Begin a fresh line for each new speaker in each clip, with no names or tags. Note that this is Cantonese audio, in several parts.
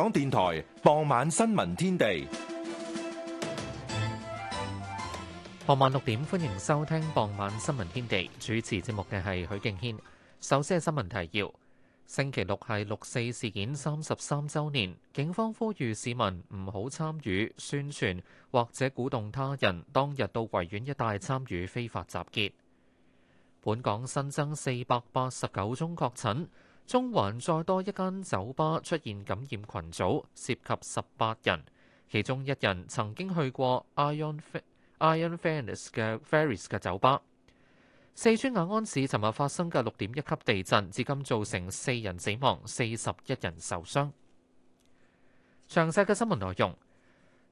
香港電台傍晚新聞天地，
傍晚六點歡迎收聽傍晚新聞天地。主持節目嘅係許敬軒。首先係新聞提要：星期六係六四事件三十三周年，警方呼籲市民唔好參與宣傳或者鼓動他人當日到維園一帶參與非法集結。本港新增四百八十九宗確診。中環再多一間酒吧出現感染群組，涉及十八人，其中一人曾經去過 Iron Fairies 嘅 Iron Fairies 嘅酒吧。四川雅安市尋日發生嘅六點一級地震，至今造成四人死亡，四十一人受傷。詳細嘅新聞內容，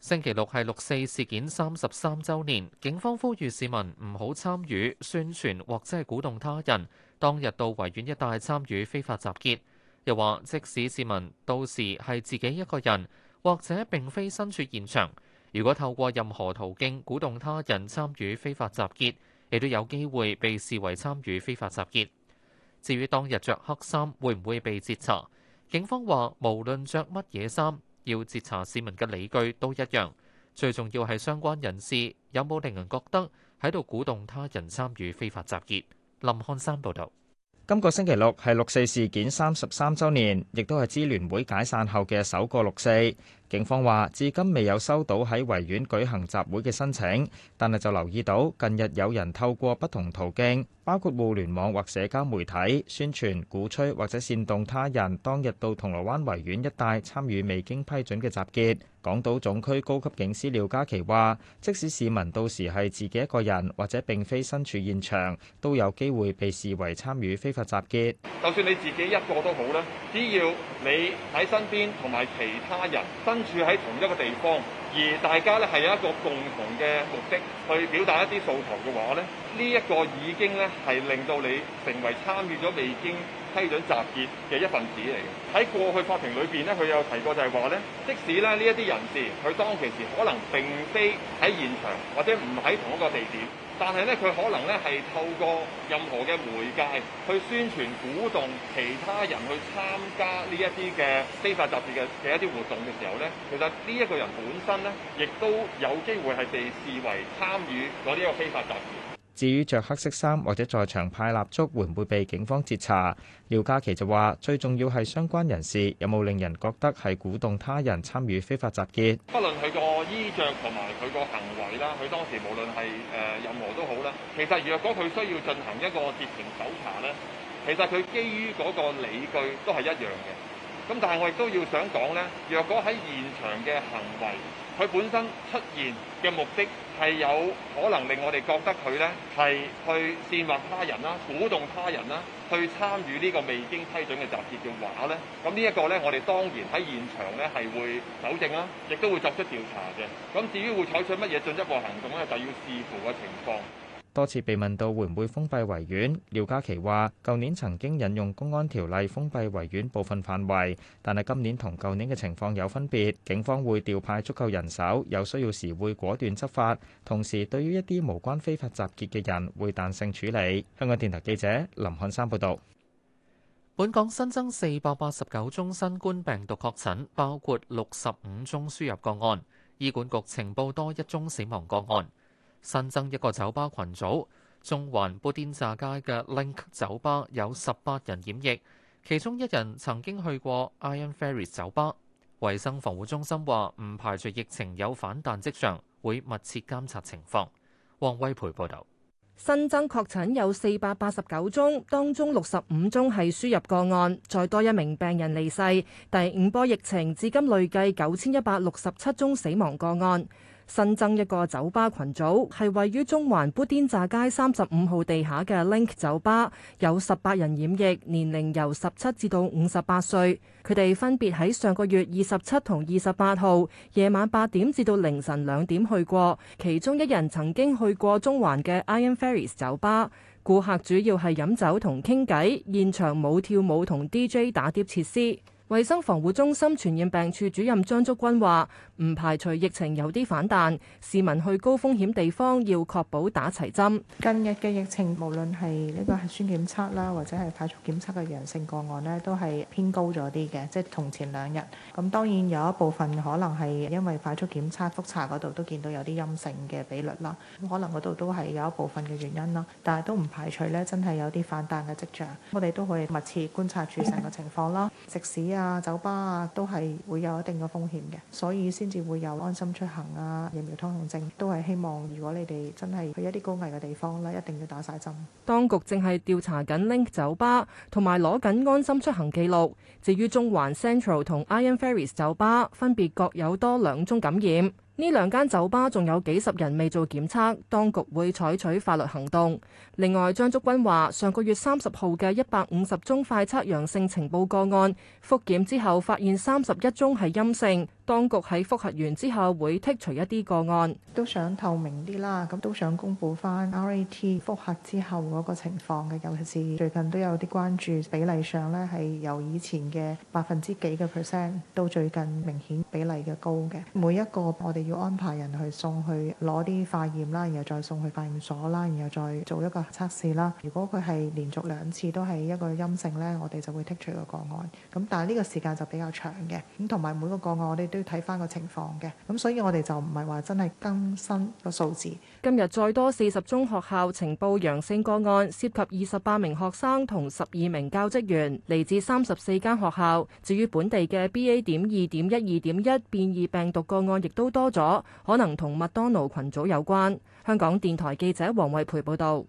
星期六係六四事件三十三週年，警方呼籲市民唔好參與宣傳或者係鼓動他人。當日到維園一帶參與非法集結，又話即使市民到時係自己一個人，或者並非身處現場，如果透過任何途徑鼓動他人參與非法集結，亦都有機會被視為參與非法集結。至於當日着黑衫會唔會被截查，警方話無論着乜嘢衫，要截查市民嘅理據都一樣，最重要係相關人士有冇令人覺得喺度鼓動他人參與非法集結。林漢山報道：
今個星期六係六四事件三十三周年，亦都係支聯會解散後嘅首個六四。警方話：至今未有收到喺維園舉行集會嘅申請，但係就留意到近日有人透過不同途徑，包括互聯網或社交媒體宣傳、鼓吹或者煽動他人當日到銅鑼灣維園一帶參與未經批准嘅集結。港島總區高級警司廖家琪話：即使市民到時係自己一個人或者並非身處現場，都有機會被視為參與非法集結。
就算你自己一個都好啦，只要你喺身邊同埋其他人，身處喺同一個地方，而大家咧係有一個共同嘅目的，去表達一啲訴求嘅話咧，呢、這、一個已經咧係令到你成為參與咗未經批准集結嘅一份子嚟嘅。喺過去法庭裏邊咧，佢有提過就係話咧，即使咧呢一啲人士佢當其時可能並非喺現場或者唔喺同一個地點，但係咧佢可能咧係透過任何嘅媒介去宣傳鼓動其他人去參加呢一啲嘅非法集結嘅嘅一啲活動嘅時候咧，其實呢一個人本身咧，亦都有機會係被視為參與咗呢個非法集結。
至於着黑色衫或者在場派蠟燭會唔會被警方截查？廖家琪就話：最重要係相關人士有冇令人覺得係鼓動他人參與非法集結。
不論佢個衣着同埋佢個行為啦，佢當時無論係誒任何都好啦，其實若果佢需要進行一個截停搜查呢，其實佢基於嗰個理據都係一樣嘅。咁但係我亦都要想講呢，若果喺現場嘅行為，佢本身出現嘅目的係有可能令我哋覺得佢呢係去煽惑他人啦、鼓動他人啦，去參與呢個未經批准嘅集結嘅話呢，咁呢一個呢，我哋當然喺現場呢係會糾正啦，亦都會作出調查嘅。咁至於會採取乜嘢進一步行動呢？就要視乎個情況。
多次被問到會唔會封閉維園，廖家琪話：舊年曾經引用公安條例封閉維園部分範圍，但係今年同舊年嘅情況有分別。警方會調派足夠人手，有需要時會果斷執法。同時，對於一啲無關非法集結嘅人，會彈性處理。香港電台記者
林漢山報導。本港新增489宗新冠病毒確診，包括65宗輸入個案。醫管局呈報多一宗死亡個案。新增一個酒吧群組，中環布甸炸街嘅 Link 酒吧有十八人染疫，其中一人曾經去過 Iron Fairies 酒吧。衞生防護中心話唔排除疫情有反彈跡象，會密切監察情況。汪威培報道，
新增確診有四百八十九宗，當中六十五宗係輸入個案，再多一名病人離世。第五波疫情至今累計九千一百六十七宗死亡個案。新增一個酒吧群組，係位於中環砵甸乍街三十五號地下嘅 Link 酒吧，有十八人染疫，年齡由十七至到五十八歲。佢哋分別喺上個月二十七同二十八號夜晚八點至到凌晨兩點去過，其中一人曾經去過中環嘅 Iron Fairies 酒吧。顧客主要係飲酒同傾偈，現場冇跳舞同 DJ 打碟設施。衛生防護中心傳染病處主任張竹君話。唔排除疫情有啲反彈，市民去高風險地方要確保打齊針。近日嘅疫情，無論係呢個核酸檢測
啦，或者係快速檢測嘅陽性個案咧，都係偏高咗啲嘅，即係同前兩日。咁當然有一部分可能係因為快速檢測複查嗰度都見到有啲陰性嘅比率啦，咁可能嗰度都係有一部分嘅原因啦。但係都唔排除咧，真係有啲反彈嘅跡象。我哋都可以密切觀察住成個情況啦。食肆啊、酒吧啊，都係會有一定嘅風險嘅，所以先。先至會有安心出行啊，疫苗通行證都係希望，如果你哋真係去一啲高危嘅地方咧，一定要打晒針。
當局正係調查緊 Link 酒吧，同埋攞緊安心出行記錄。至於中環 Central 同 Iron Ferries 酒吧，分別各有多兩宗感染。呢兩間酒吧仲有幾十人未做檢測，當局會採取法律行動。另外張竹君話：上個月三十號嘅一百五十宗快測陽性情報個案，復檢之後發現三十一宗係陰性，當局喺複核完之後會剔除一啲個案。都想透明啲啦，
咁都想公布返 RAT 複核之後嗰個情況嘅，尤其是最近都有啲關注比例上呢係由以前嘅百分之幾嘅 percent 到最近明顯比例嘅高嘅，每一個我哋，要安排人去送去攞啲化驗啦，然後再送去化驗所啦，然後再做一個測試啦。如果佢係連續兩次都係一個陰性咧，我哋就會剔除個個案。咁但係呢個時間就比較長嘅。咁同埋每個，個個案我哋都要睇翻個情況嘅。咁所以我哋就唔係話真係更新個數
字。今日再多四十宗學校呈報陽性個案，涉及二十八名學生同十二名教職員，嚟自三十四間學校。至於本地嘅 BA. 點二點一二點一變異病毒個案，亦都多咗，可能同麥當勞群組有關。香港電台記者黃慧培報道。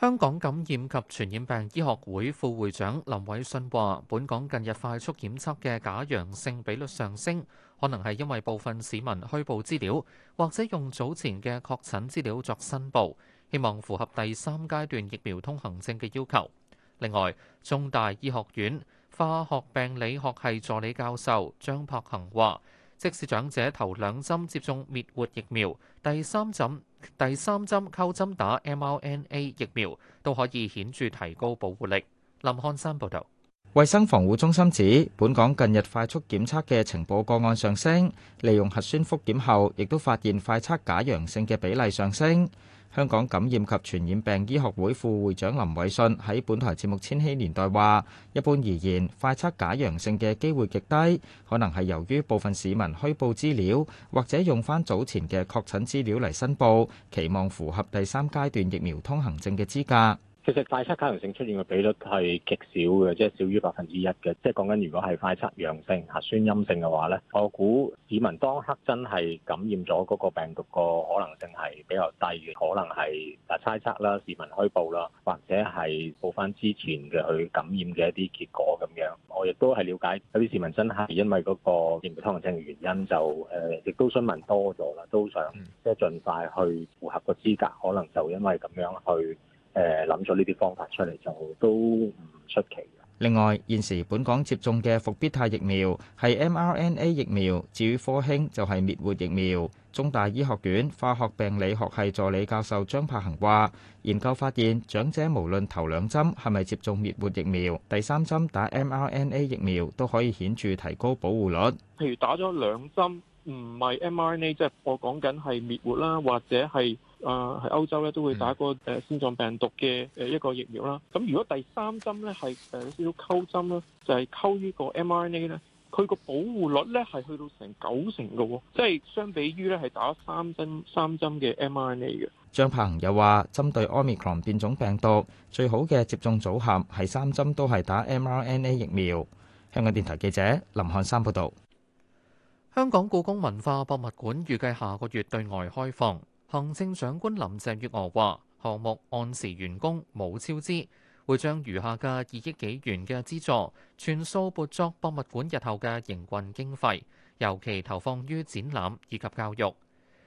香港感染及傳
染病醫學會副會長林偉信話，本港近日快速檢測嘅假陽性比率上升，可能係因為部分市民虛報資料，或者用早前嘅確診資料作申報，希望符合第三階段疫苗通行證嘅要求。另外，中大醫學院化學病理學系助理教授張柏恒話。即使長者頭兩針接種滅活疫苗，第三針第三針溝針打 mRNA 疫苗，都可以顯著提高保護力。林漢山報導。
衞生防護中心指，本港近日快速檢測嘅情報個案上升，利用核酸覆檢後，亦都發現快測假陽性嘅比例上升。香港感染及傳染病醫學會副會長林偉信喺本台節目《千禧年代》話，一般而言，快測假陽性嘅機會極低，可能係由於部分市民虛報資料，或者用翻早前嘅確診資料嚟申報期望符合第三階段疫苗通行證嘅資格。
其實快測假陽性出現嘅比率係極少嘅，即係少於百分之一嘅。即係講緊，如果係快測陽性、核酸陰性嘅話咧，我估市民當刻真係感染咗嗰個病毒個可能性係比較低嘅，可能係啊猜測啦、市民虛報啦，或者係報返之前嘅佢感染嘅一啲結果咁樣。我亦都係了解有啲市民真係因為嗰個檢驗嘅通訊嘅原因，就誒亦都詢問多咗啦，都想即係盡快去符合個資格，可能就因為咁樣去。誒諗咗呢啲方法出嚟就都唔出奇。
另外，現時本港接種嘅復必泰疫苗係 mRNA 疫苗，至於科興就係滅活疫苗。中大醫學院化學病理學系助理教授張柏恒話，研究發現，長者無論頭兩針係咪接種滅活疫苗，第三針打 mRNA 疫苗都可以顯著提高保護率。
譬如打咗兩針，唔係 mRNA，即係我講緊係滅活啦，或者係。 啊，喺歐洲咧都會打個誒腺病毒嘅誒一個疫苗啦。咁、嗯、如果第三針咧係誒少少溝針啦，就係、是、溝呢個 mRNA 咧，佢個保護率咧係去到成九成嘅喎，即係相比於咧係打三針三
針嘅 mRNA 嘅。
張鵬又話：針對 Omicron 變種病毒最好嘅接種組合係三針都係打 mRNA 疫苗。香港電台記者林漢山報道，
香港故宮文化博物館預計下個月對外開放。行政長官林鄭月娥話：項目按時完工，冇超支，會將餘下嘅二億幾元嘅資助全數撥作博物館日後嘅營運經費，尤其投放於展覽以及教育。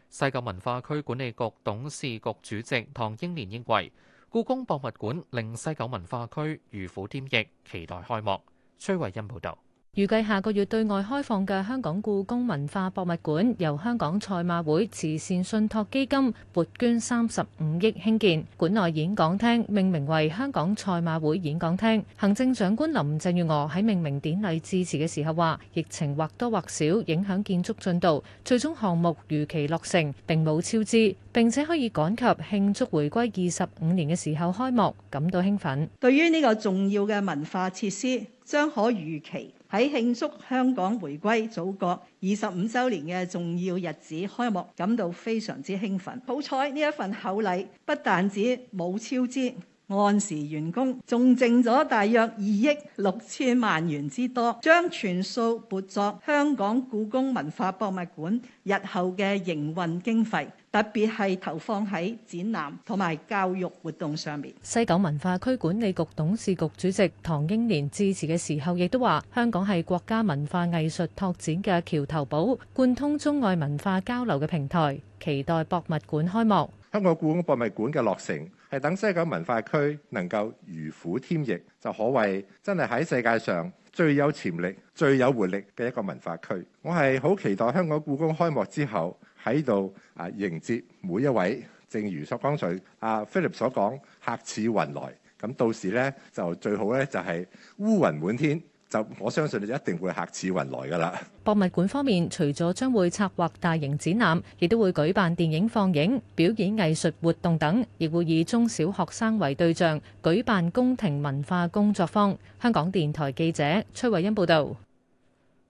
西九文化區管理局董事局主席唐英年認為，故宮博物館令西九文化區如虎添翼，期待開幕。崔慧欣報導。
預計下個月對外開放嘅香港故宮文化博物館由香港賽馬會慈善信託基金撥捐三十五億興建，館內演講廳命名為香港賽馬會演講廳。行政長官林鄭月娥喺命名典禮致辭嘅時候話，疫情或多或少影響建築進度，最終項目如期落成，並冇超支，並且可以趕及慶祝回歸二十五年嘅時候開幕，感到興奮。對於呢個重要嘅文化設施，將可如期。喺慶祝香港回歸祖國二十五週年嘅重要日子開幕，感到非常之興奮。好彩呢一份厚禮不但止冇超支，按時完工，仲剩咗大約二億六千萬元之多，將全數撥作香港故宮文化博物館日後嘅營運經費，特別係投放喺展覽同埋教育活動上面。西九文化區管理局董事局主席唐英年致辭嘅時候，亦都話香港係國家文化藝術拓展嘅橋頭堡，貫通中外文化交流嘅平台。期待博物館開幕，
香港故宮博物館嘅落成。係等西九文化區能夠如虎添翼，就可謂真係喺世界上最有潛力、最有活力嘅一個文化區。我係好期待香港故宮開幕之後喺度啊迎接每一位。正如剛才阿 Philip 所講，客似雲來。咁到時咧就最好咧就係、是、烏雲滿天。就我相信你，就一定會客似雲來噶啦。
博物館方面，除咗將會策劃大型展覽，亦都會舉辦電影放映、表演藝術活動等，亦會以中小學生為對象，舉辦宮廷文化工作坊。香港電台記者崔慧欣報道。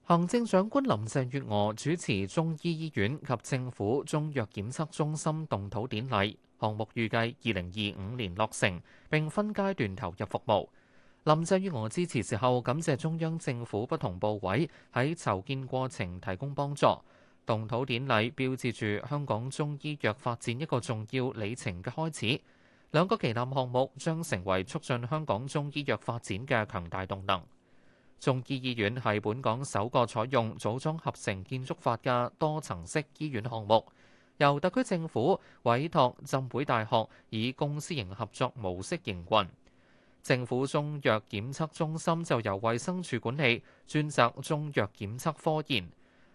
行
政長官林鄭月娥主持中醫醫院及政府中藥檢測中心動土典禮，項目預計二零二五年落成並分階段投入服務。林鄭月娥支持時候，感謝中央政府不同部委喺籌建過程提供幫助。動土典禮標誌住香港中醫藥發展一個重要里程嘅開始。兩個旗艦項目將成為促進香港中醫藥發展嘅強大動能。中醫醫院係本港首個採用組裝合成建築法嘅多層式醫院項目，由特區政府委託浸會大學以公私營合作模式營運。政府中藥檢測中心就由衛生署管理，專責中藥檢測科研。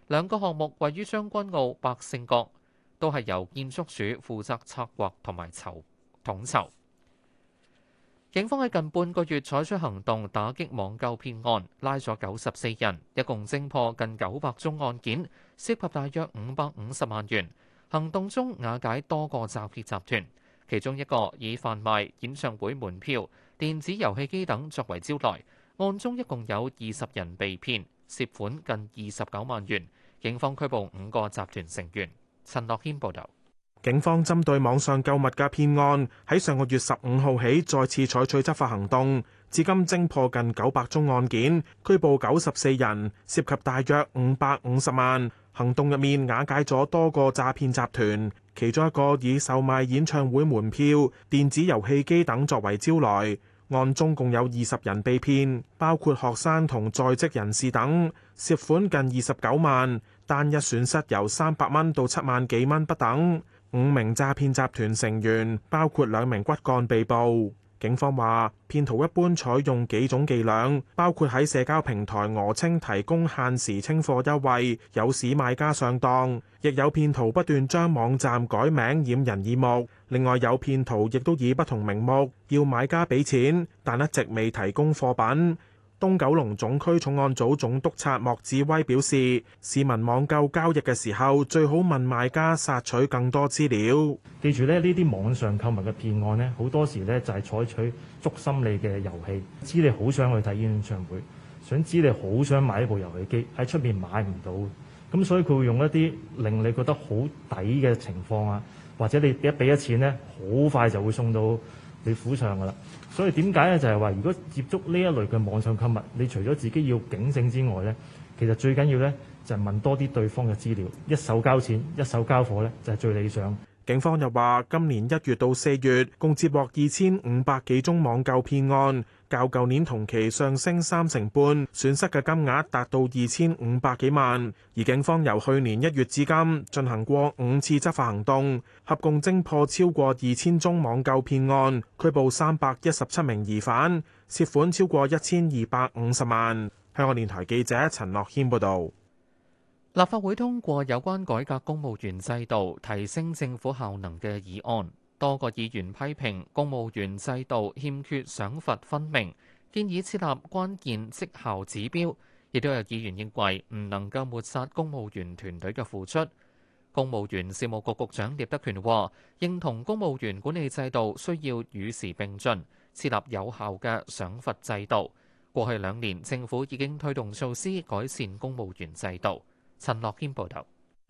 兩個項目位於將軍澳百勝角，都係由建築署負責策劃同埋籌統籌。 警方喺近半個月採取行動，打擊網購騙案，拉咗九十四人，一共偵破近九百宗案件，涉及大約五百五十萬元。行動中瓦解多個詐騙集團，其中一個以販賣演唱會門票。電子遊戲機等作為招來，案中一共有二十人被騙，涉款近二十九萬元。警方拘捕五個集團成員。陳樂軒報導。
警方針對網上購物嘅騙案，喺上個月十五號起再次採取執法行動，至今偵破近九百宗案件，拘捕九十四人，涉及大約五百五十萬。行動入面瓦解咗多個詐騙集團，其中一個以售賣演唱會門票、電子遊戲機等作為招徠。案中共有二十人被騙，包括學生同在職人士等，涉款近二十九萬，單一損失由三百蚊到七萬幾蚊不等。五名詐騙集團成員，包括兩名骨幹，被捕。警方話，騙徒一般採用幾種伎倆，包括喺社交平台訛稱提供限時清貨優惠，誘使買家上當；亦有騙徒不斷將網站改名掩人耳目。另外，有騙徒亦都以不同名目要買家俾錢，但一直未提供貨品。東九龍總區重案組總督察莫志威表示，市民網購交易嘅時候，最好問賣家索取更多資料。記住咧，呢啲網上購物嘅騙案呢，
好多時呢就係採取捉心理嘅遊戲，知你好想去睇演唱會，想知你好想買一部遊戲機喺出面買唔到，咁所以佢會用一啲令你覺得好抵嘅情況啊，或者你一俾一錢呢，好快就會送到你府上㗎喇。所以點解咧？就係話，如果接觸呢一類嘅網上購物，你除咗自己要警醒之外咧，其實最緊要咧就係問多啲對方嘅資料，一手交錢一手交貨咧就係最理想。
警方又話，今年一月到四月，共接獲二千五百幾宗網購騙案。較舊年同期上升三成半，損失嘅金額達到二千五百幾萬。而警方由去年一月至今進行過五次執法行動，合共偵破超過二千宗網購騙案，拘捕三百一十七名疑犯，涉款超過一千二百五十萬。香港電台記者陳樂謙報道。立法會通過有關改革公務員制度、提升政府效
能嘅議案。多個議員批評公務員制度欠缺賞罰分明，建議設立關鍵績效指標。亦都有議員認為唔能夠抹殺公務員團隊嘅付出。公務員事務局局長聶德權話，認同公務員管理制度需要與時並進，設立有效嘅賞罰制度。過去兩年，政府已經推動措施改善公務員制度。陳樂軒報導。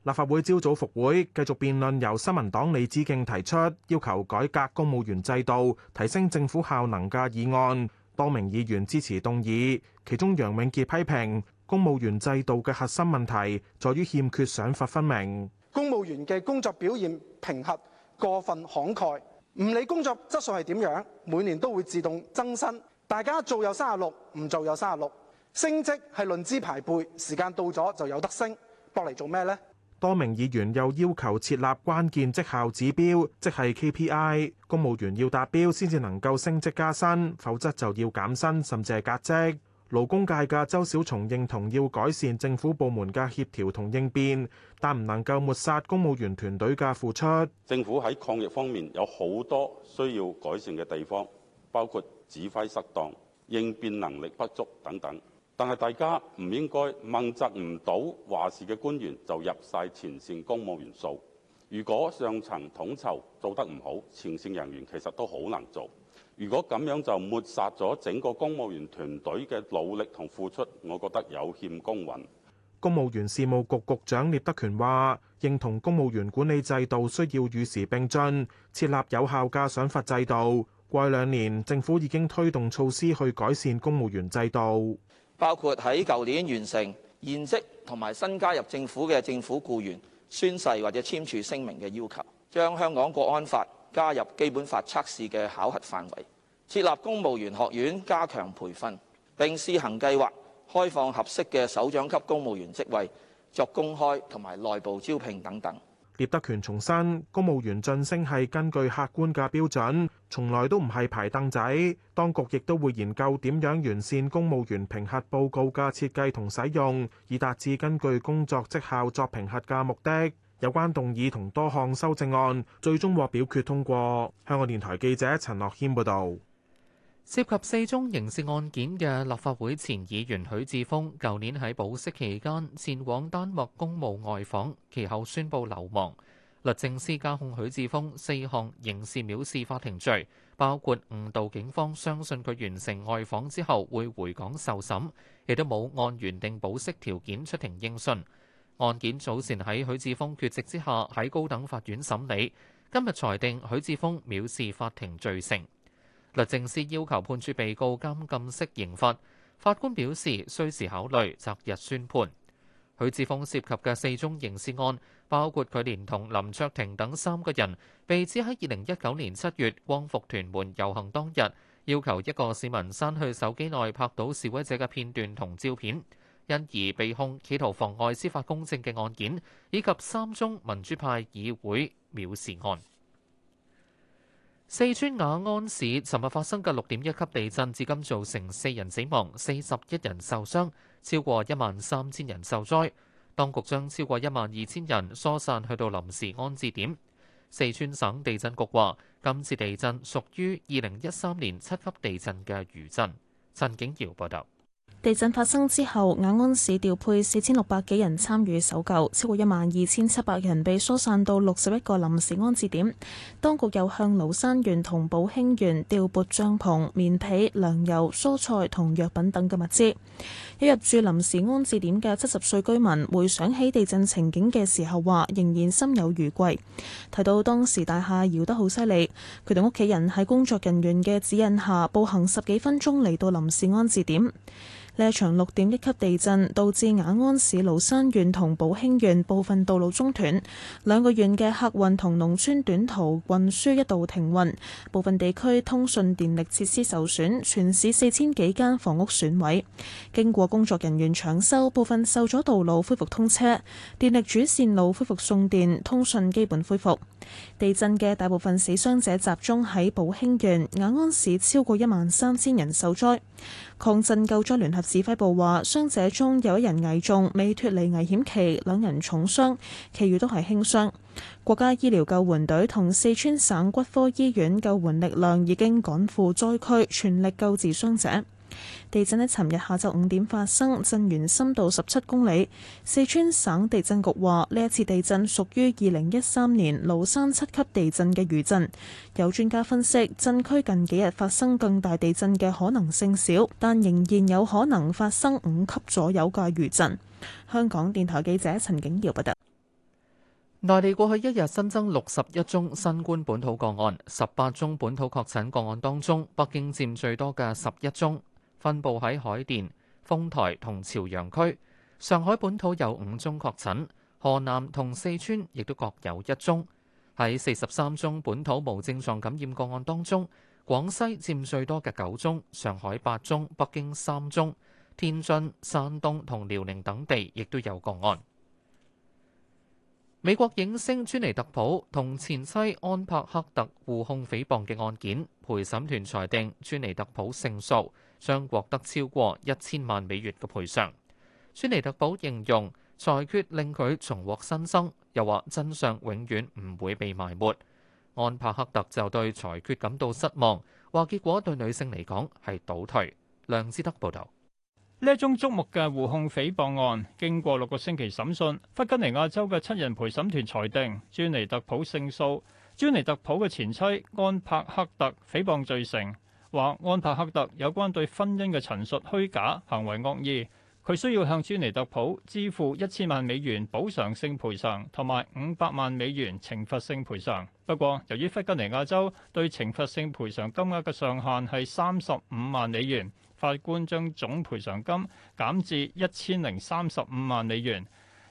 立法會朝早復會，繼續辯論由新民黨李志敬提出要求改革公務員制度、提升政府效能嘅議案。多名議員支持動議，其中楊永傑批評公務員制度嘅核心問題，在於欠缺想法分明。
公務員嘅工作表現評核過分慷慨，唔理工作質素係點樣，每年都會自動增薪。大家做有三十六，唔做有三十六，升職係論資排輩，時間到咗就有得升，搏嚟做咩呢？
多名議員又要求設立關鍵績效指標，即係 KPI，公務員要達標先至能夠升職加薪，否則就要減薪甚至係革職。勞工界嘅周小松認同要改善政府部門嘅協調同應變，但唔能夠抹殺公務員團隊嘅付出。
政府喺抗疫方面有好多需要改善嘅地方，包括指揮失當、應變能力不足等等。但係，大家唔應該問責唔到話事嘅官員就入晒前線公務員數。如果上層統籌做得唔好，前線人員其實都好難做。如果咁樣就抹殺咗整個公務員團隊嘅努力同付出，我覺得有欠公允。
公務員事務局局，局長聶德權話，認同公務員管理制度需要與時並進，設立有效嘅賞罰制度。過去兩年，政府已經推動措施去改善公務員制度。
包括喺舊年完成現職同埋新加入政府嘅政府僱員宣誓或者簽署聲明嘅要求，將香港國安法加入基本法測試嘅考核範圍，設立公務員學院加強培訓，並試行計劃開放合適嘅首長級公務員職位，作公開同埋內部招聘等等。
聶德權重申，公務員晉升係根據客觀嘅標準，從來都唔係排凳仔。當局亦都會研究點樣完善公務員評核報告嘅設計同使用，以達至根據工作績效作評核嘅目的。有關動議同多項修正案最終獲表決通過。香港電台記者陳樂軒報導。涉及四
宗刑事案件嘅立法會前議員許智峰，舊年喺保釋期間前往丹麥公務外訪，其後宣佈流亡。律政司加控許智峰四項刑事藐視法庭罪，包括誤導警方相信佢完成外訪之後會回港受審，亦都冇按原定保釋條件出庭應訊。案件早前喺許智峰缺席之下喺高等法院審理，今日裁定許智峰藐視法庭罪成。律政司要求判處被告監禁式刑罰，法官表示需時考慮，擇日宣判。許智峯涉及嘅四宗刑事案，包括佢連同林卓廷等三個人，被指喺二零一九年七月光復屯門遊行當日，要求一個市民刪去手機內拍到示威者嘅片段同照片，因而被控企圖妨礙司法公正嘅案件，以及三宗民主派議會藐視案。四川雅安市尋日發生嘅六點一級地震，至今造成四人死亡、四十一人受傷，超過一萬三千人受災。當局將超過一萬二千人疏散去到臨時安置點。四川省地震局話，今次地震屬於二零一三年七級地震嘅餘震。陳景堯報導。
地震發生之後，雅安市調配四千六百幾人參與搜救，超過一萬二千七百人被疏散到六十一個臨時安置點。當局又向蘆山縣同寶興縣調撥帳篷、棉被、糧油、蔬菜同藥品等嘅物資。有入住臨時安置點嘅七十歲居民回想起地震情景嘅時候，話仍然心有餘悸。提到當時大廈搖得好犀利，佢哋屋企人喺工作人員嘅指引下步行十幾分鐘嚟到臨時安置點。呢場六點一級地震導致雅安市蘆山縣同寶興縣部分道路中斷，兩個縣嘅客運同農村短途運輸一度停運，部分地區通訊電力設施受損，全市四千幾間房屋損毀。經過工作人員搶修，部分受阻道路恢復通車，電力主線路恢復送電，通訊基本恢復。地震嘅大部分死傷者集中喺寶興縣，雅安市超過一萬三千人受災。抗震救災聯合指揮部話傷者中有一人危重，未脱離危險期；兩人重傷，其餘都係輕傷，國家醫療救援隊同四川省骨科醫院救援力量已經趕赴災區全力救治傷者。地震喺尋日下晝五點發生，震源深度十七公里。四川省地震局話呢一次地震屬於二零一三年廬山七級地震嘅餘震。有專家分析，震區近幾日發生更大地震嘅可能性少，但仍然有可能發生五級左右嘅餘震。香港電台記者陳景耀報道。內地過去一日新增六十一宗
新冠本土個案，十八宗本土確診個案當中，北京佔最多嘅十一宗。分布喺海淀、豐台同朝陽區，上海本土有五宗確診，河南同四川亦都各有一宗。喺四十三宗本土無症狀感染個案當中，廣西占最多嘅九宗，上海八宗，北京三宗，天津、山東同遼寧等地亦都有個案。美國影星朱尼特普同前妻安柏克特互控誹謗嘅案件，陪審團裁定朱尼特普勝訴，將獲得超過一千萬美元嘅賠償。朱尼特普形容裁決令佢重獲新生，又話真相永遠唔會被埋沒。安柏克特就對裁決感到失望，話結果對女性嚟講係倒退。梁之德報道。
呢宗觸目嘅互控誹謗案，經過六個星期審訊，弗吉尼亞州嘅七人陪審團裁定，尊尼特普勝訴。尊尼特普嘅前妻安柏克特誹謗罪成，話安柏克特有關對婚姻嘅陳述虛假，行為惡意。佢需要向尊尼特普支付一千萬美元補償性賠償，同埋五百萬美元懲罰性賠償。不過，由於弗吉尼亞州對懲罰性賠償金額嘅上限係三十五萬美元。法官將總賠償金減至一千零三十五萬美元，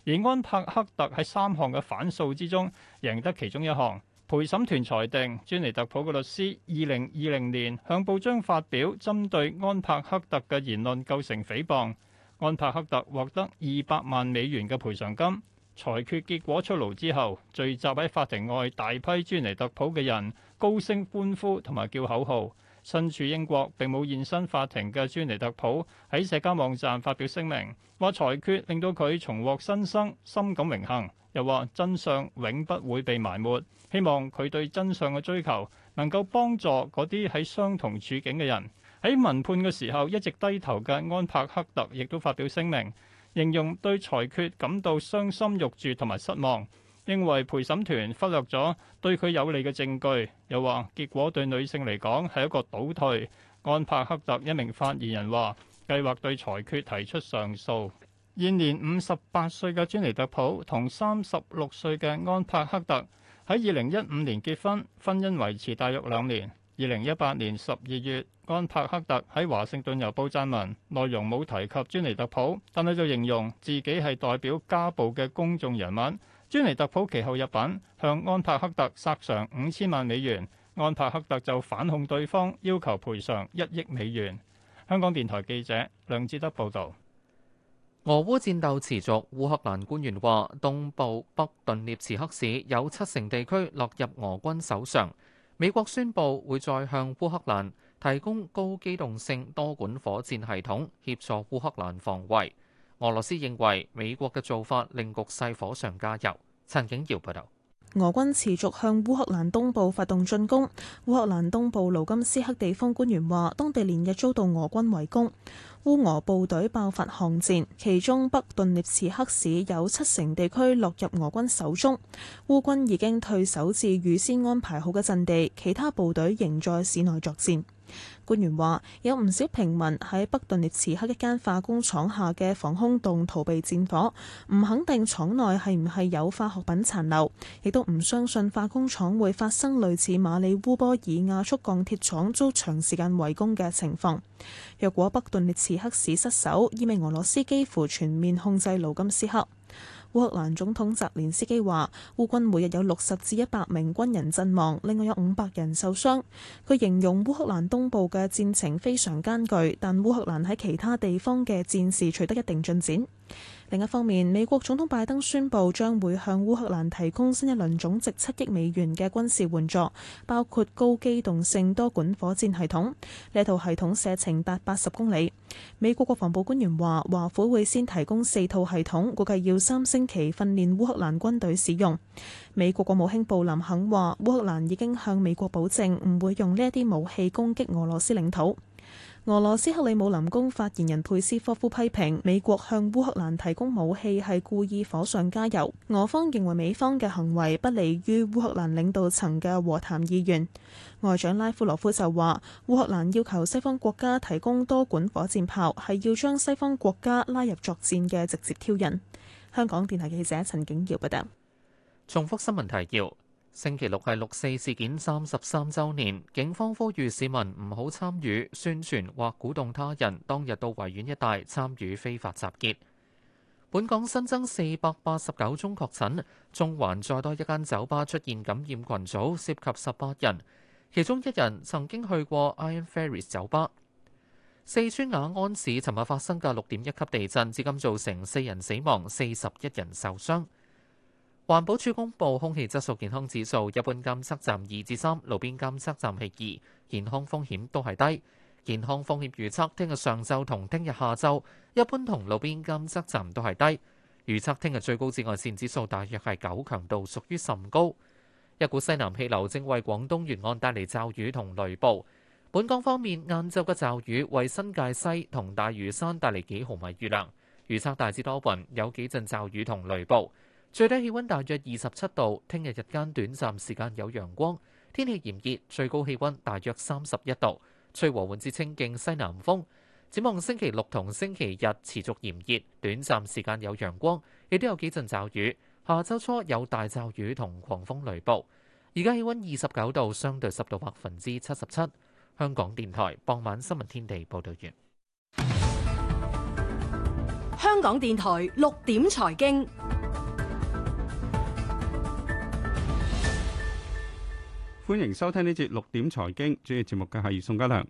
而安柏克特喺三項嘅反訴之中贏得其中一項。陪審團裁定，專尼特普嘅律師二零二零年向報章發表針對安柏克特嘅言論構成誹謗，安柏克特獲得二百萬美元嘅賠償金。裁決結果出爐之後，聚集喺法庭外大批專尼特普嘅人高聲歡呼同埋叫口號。身處英國並冇現身法庭嘅朱尼特普喺社交網站發表聲明，話裁決令到佢重獲新生，深感榮幸。又話真相永不會被埋沒，希望佢對真相嘅追求能夠幫助嗰啲喺相同處境嘅人。喺民判嘅時候一直低頭嘅安柏克特亦都發表聲明，形容對裁決感到傷心欲絕同埋失望。認為陪審團忽略咗對佢有利嘅證據，又話結果對女性嚟講係一個倒退。安柏克特一名發言人話：計劃對裁決提出上訴。現年五十八歲嘅專尼特普同三十六歲嘅安柏克特喺二零一五年結婚，婚姻維持大約兩年。二零一八年十二月，安柏克特喺《華盛頓郵報》撰文，內容冇提及專尼特普，但係就形容自己係代表家暴嘅公眾人物。尊尼特普其後入稟，向安帕克特索償五千萬美元，安帕克特就反控對方要求賠償一億美元。香港電台記者梁志德報導。
俄烏戰鬥持續，烏克蘭官員話，東部北頓涅茨克市有七成地區落入俄軍手上。美國宣布會再向烏克蘭提供高機動性多管火箭系統，協助烏克蘭防衛。俄羅斯認為美國嘅做法令局勢火上加油。陳景耀報道，
俄軍持續向烏克蘭東部發動進攻。烏克蘭東部盧甘斯克地方官員話，當地連日遭到俄軍圍攻。烏俄部隊爆發巷戰，其中北頓涅茨克市有七成地區落入俄軍手中。烏軍已經退守至預先安排好嘅陣地，其他部隊仍在市內作戰。官員話：有唔少平民喺北頓涅茨克一間化工廠下嘅防空洞逃避戰火，唔肯定廠內係唔係有化學品殘留，亦都唔相信化工廠會發生類似馬里烏波爾亞速鋼鐵廠遭長時間圍攻嘅情況。若果北頓涅茨克市失守，意味俄羅斯幾乎全面控制盧甘斯克。烏克蘭總統澤連斯基話，烏軍每日有六十至一百名軍人陣亡，另外有五百人受傷。佢形容烏克蘭東部嘅戰情非常艱巨，但烏克蘭喺其他地方嘅戰事取得一定進展。另一方面，美國總統拜登宣佈將會向烏克蘭提供新一輪總值七億美元嘅軍事援助，包括高機動性多管火箭系統。呢套系統射程達八十公里。美國國防部官員話，華府會先提供四套系統，估計要三星期訓練烏克蘭軍隊使用。美國國務卿布林肯話，烏克蘭已經向美國保證唔會用呢一啲武器攻擊俄羅斯領土。俄羅斯克里姆林宮發言人佩斯科夫批評美國向烏克蘭提供武器係故意火上加油，俄方認為美方嘅行為不利於烏克蘭領導層嘅和談意願。外長拉夫羅夫就話，烏克蘭要求西方國家提供多管火箭炮係要將西方國家拉入作戰嘅直接挑釁。香港電台記者陳景瑤報道：
「重複新聞提要。星期六係六四事件三十三周年，警方呼籲市民唔好參與宣傳或鼓動他人當日到維園一帶參與非法集結。本港新增四百八十九宗確診，中環再多一間酒吧出現感染群組，涉及十八人，其中一人曾經去過 Iron Ferries 酒吧。四川雅安市尋日發生嘅六點一級地震，至今造成四人死亡，四十一人受傷。環保署公布空氣質素健康指數，一般監測站二至三，路邊監測站係二，健康風險都係低。健康風險預測聽日上晝同聽日下晝，一般同路邊監測站都係低。預測聽日最高紫外線指數大約係九，強度屬於甚高。一股西南氣流正為廣東沿岸帶嚟驟雨同雷暴。本港方面，晏晝嘅驟雨為新界西同大嶼山帶嚟幾毫米雨量。預測大致多雲，有幾陣驟雨同雷暴。最低氣溫大約二十七度，聽日日間短暫時間有陽光，天氣炎熱，最高氣溫大約三十一度，吹和緩至清勁西南風。展望星期六同星期日持續炎熱，短暫時間有陽光，亦都有幾陣驟雨。下周初有大驟雨同狂風雷暴。而家氣溫二十九度，相對濕度百分之七十七。香港電台傍晚新聞天地報道員。
香港電台六點財經。
歡迎收聽呢節六點財經，主持節目嘅係宋家良。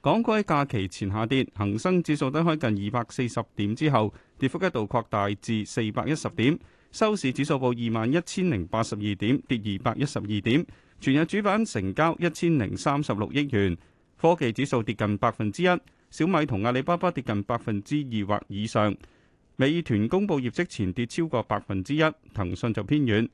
港股假期前下跌，恒生指數低開近二百四十點之後，跌幅一度擴大至四百一十點，收市指數報二萬一千零八十二點，跌二百一十二點。全日主板成交一千零三十六億元，科技指數跌近百分之一，小米同阿里巴巴跌近百分之二或以上，美團公佈業績前跌超過百分之一，騰訊就偏軟。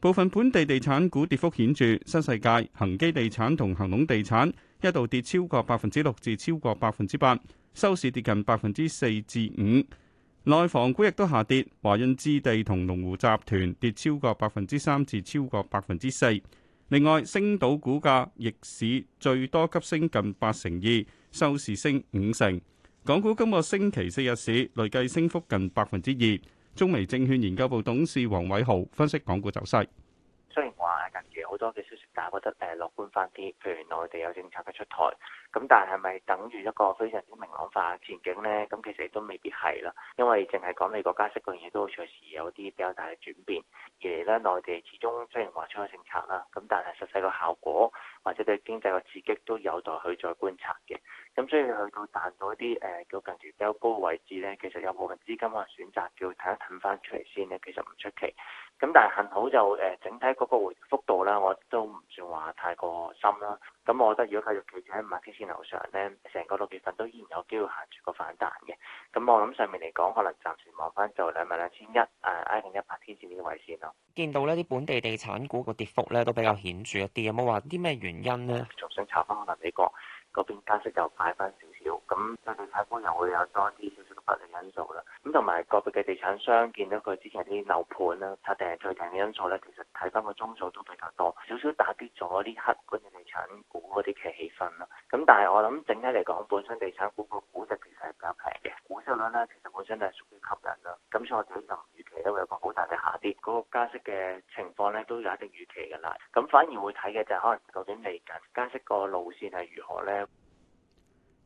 部分本地地產股跌幅顯著，新世界、恒基地產同恒隆地產一度跌超過百分之六至超過百分之八，收市跌近百分之四至五。內房股亦都下跌，華潤置地同龍湖集團跌超過百分之三至超過百分之四。另外，星島股價逆市最多急升近八成二，收市升五成。港股今個星期四日市累計升幅近百分之二。中美證券研究部董事黃偉豪分析港股走勢。
雖然話近期好多嘅消息，但係覺得，誒，樂觀翻啲，譬如內地有政策嘅出台，咁但係咪等住一個非常之明朗化嘅前景呢？咁其實亦都未必係啦。因為淨係講美國加息嗰樣嘢都隨時有啲比較大嘅轉變，而嚟咧內地始終雖然話出咗政策啦，咁但係實際個效果。或者對經濟個刺激都有待去再觀察嘅，咁所以去到彈到一啲誒叫近期比較高位置咧，其實有部分資金可能選擇叫揼一揼翻出嚟先咧，其實唔出奇。咁但係幸好就誒、呃、整體嗰個回覆度咧，我都唔算話太過深啦。咁我覺得，如果繼續企住喺五百天線樓上咧，成個六月份都依然有機會行住個反彈嘅。咁我諗上面嚟講，可能暫時望翻就兩萬兩千一、誒、I 型一百天線呢個位線咯。
見到呢啲本地地產股個跌幅咧都比較顯著
一啲，有冇話啲咩原因呢？仲想查翻可能美國嗰邊加息就擺翻咁對地產股又會有多啲少少不利因素啦。咁同埋個別嘅地產商見到佢之前啲樓盤啦、拆訂、最近嘅因素咧，其實睇翻個宗數都比較多，少少打擊咗呢刻個地產股嗰啲嘅氣氛啦。咁但係我諗整體嚟講，本身地產股個估值其實係比較平嘅，股息率咧其實本身係屬於吸引咯。咁所以我哋咧就唔預期咧會有個好大嘅下跌。嗰、那個加息嘅情況咧都有一定預期嘅啦。咁反而會睇嘅就係可能究竟嚟緊加息個路線係如何咧？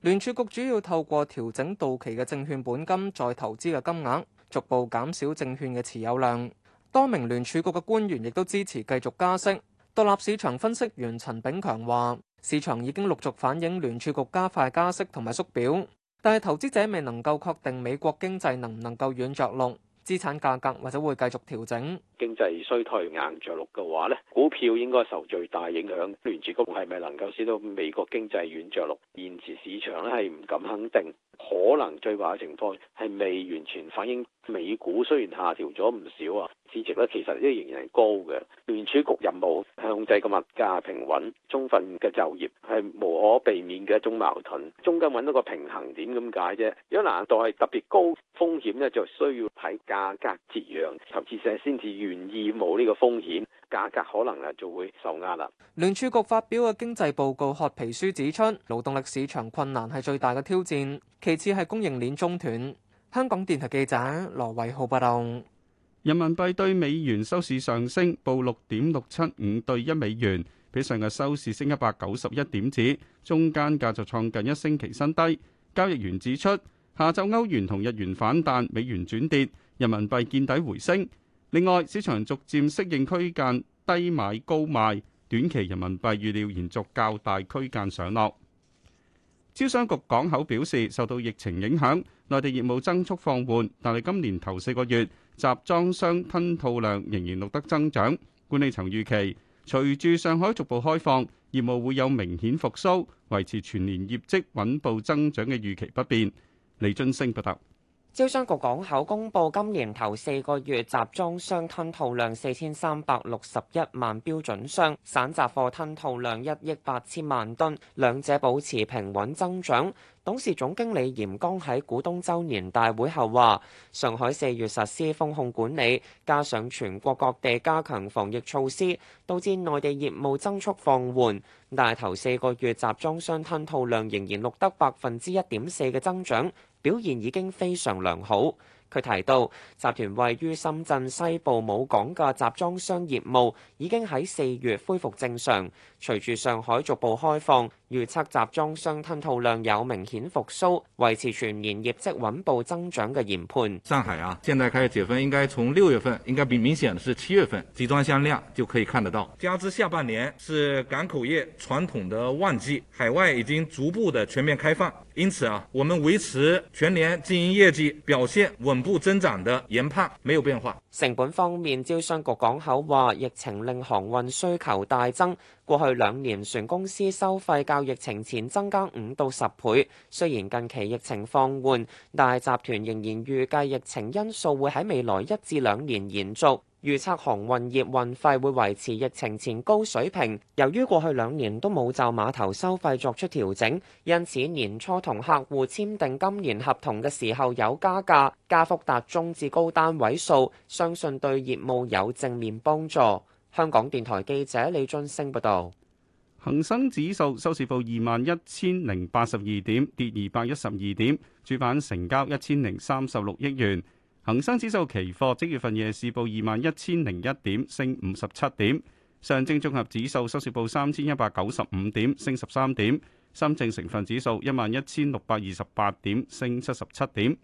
聯儲局主要透過調整到期嘅證券本金再投資嘅金額，逐步減少證券嘅持有量。多名聯儲局嘅官員亦都支持繼續加息。獨立市場分析員陳炳強話：市場已經陸續反映聯儲局加快加息同埋縮表，但係投資者未能夠確定美國經濟能唔能夠軟着陸。資產價格或者會繼續調整。
經濟衰退硬着陸嘅話咧，股票應該受最大影響。聯儲局係咪能夠使到美國經濟軟着陸？現時市場咧係唔敢肯定，可能最壞嘅情況係未完全反映。美股雖然下調咗唔少啊，市值咧其實依然係高嘅。聯儲局任務係控制個物價平穩，充分嘅就業係無可避免嘅一種矛盾，中間揾到個平衡點咁解啫。如果難度係特別高風險咧，就需要睇價格折讓，投資者先至願意冇呢個風險，價格
可能啊就會受壓啦。
聯儲局發表嘅經濟報告褐皮書指出，勞動力市場困難係最大嘅挑戰，其次係供應鏈中斷。香港電台記者
羅偉浩報道：人民幣對美元收市上升，報六點六七五兌一美元，比上日收市升一百九十一點子，中間價就創近一星期新低。交易員指出，下晝歐元同日元反彈，美元轉跌，人民幣見底回升。另外，市場逐漸適應區間低買高賣，短期人民幣預料延續較大區間上落。招商局港口表示，受到疫情影響，內地業務增速放緩，但係今年頭四個月集裝箱吞吐量仍然錄得增長。管理層預期隨住上海逐步開放，業務會有明顯復甦，維持全年業績穩步增長嘅預期不變。李俊陞報道。
招商局港口公布今年頭四個月集裝箱吞吐量四千三百六十一萬標準箱，散雜貨吞吐量一億八千萬噸，兩者保持平穩增長。董事總經理嚴剛喺股東周年大會後話：上海四月實施封控管理，加上全國各地加強防疫措施，導致內地業務增速放緩，但頭四個月集裝箱吞吐量仍然錄得百分之一點四嘅增長。表現已經非常良好。佢提到，集團位於深圳西部母港嘅集裝箱業務已經喺四月恢復正常。隨住上海逐步開放，預測集裝箱吞吐量有明顯復蘇，維持全年業績穩步增長嘅研判。上
海啊，現在開始解封，應該從六月份，應該比明顯的是七月份，集裝箱量就可以看得到。加之下半年是港口業傳統的旺季，海外已經逐步的全面開放，因此啊，我們維持全年經營業績表現穩步
增長嘅研判，沒有變化。成本方面，招商局港口話，疫情令航運需求大增。過去兩年船公司收費較疫情前增加五到十倍，雖然近期疫情放緩，但係集團仍然預計疫情因素會喺未來一至兩年延續，預測航運業運費會維持疫情前高水平。由於過去兩年都冇就碼頭收費作出調整，因此年初同客戶簽訂今年合同嘅時候有加價，加幅達中至高單位數，相信對業務有正面幫助。香港電
台記者李俊升報道，恒生指數收市報二萬一千零八十二點，跌二百一十二點，主板成交一千零三十六億元。恒生指數期貨即月份夜市報二萬一千零一點，升五十七點。上證綜合指數收市報三千一百九十五點，升十三點。深證成分指數一萬一千六百二十八點，升七十七點。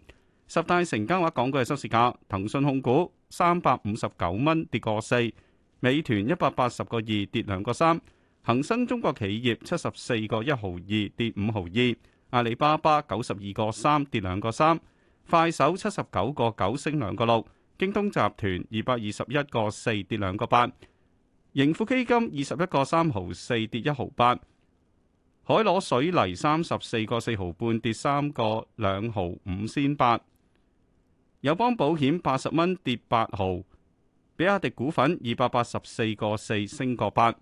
十大成交額港股嘅收市價，騰訊控股三百五十九蚊，跌過四。美團一百八十個二跌兩個三，恒生中國企業七十四個一毫二跌五毫二，阿里巴巴九十二個三跌兩個三，快手七十九個九升兩個六，京東集團二百二十一個四跌兩個八，盈富基金二十一個三毫四跌一毫八，海螺水泥三十四個四毫半跌三個兩毫五先八，友邦保險八十蚊跌八毫。比亞迪股份二百八十四個四升個八。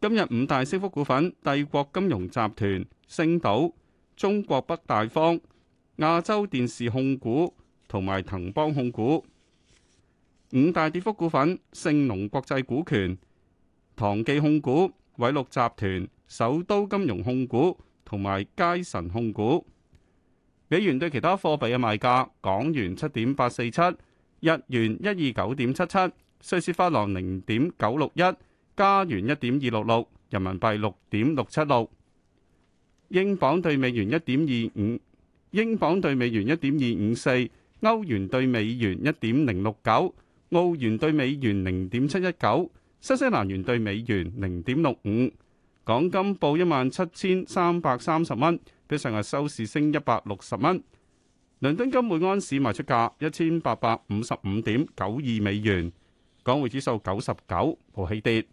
今日五大升幅股份：帝國金融集團、星島、中國北大方、亞洲電視控股同埋騰邦控股。五大跌幅股份：盛隆國際股權、唐記控股、偉鹿集團、首都金融控股同埋佳臣控股。美元對其他貨幣嘅賣價：港元七點八四七。日元一二九點七七，瑞士法郎零點九六一，加元一點二六六，人民幣六點六七六，英鎊對美元一點二五，英鎊對美元一點二五四，歐元對美元一點零六九，澳元對美元零點七一九，新西蘭元對美元零點六五，港金報一萬七千三百三十蚊，比上日收市升一百六十蚊。倫敦金每安士賣出價一千八百五十五點九二美元，港匯指數九十九，無起跌。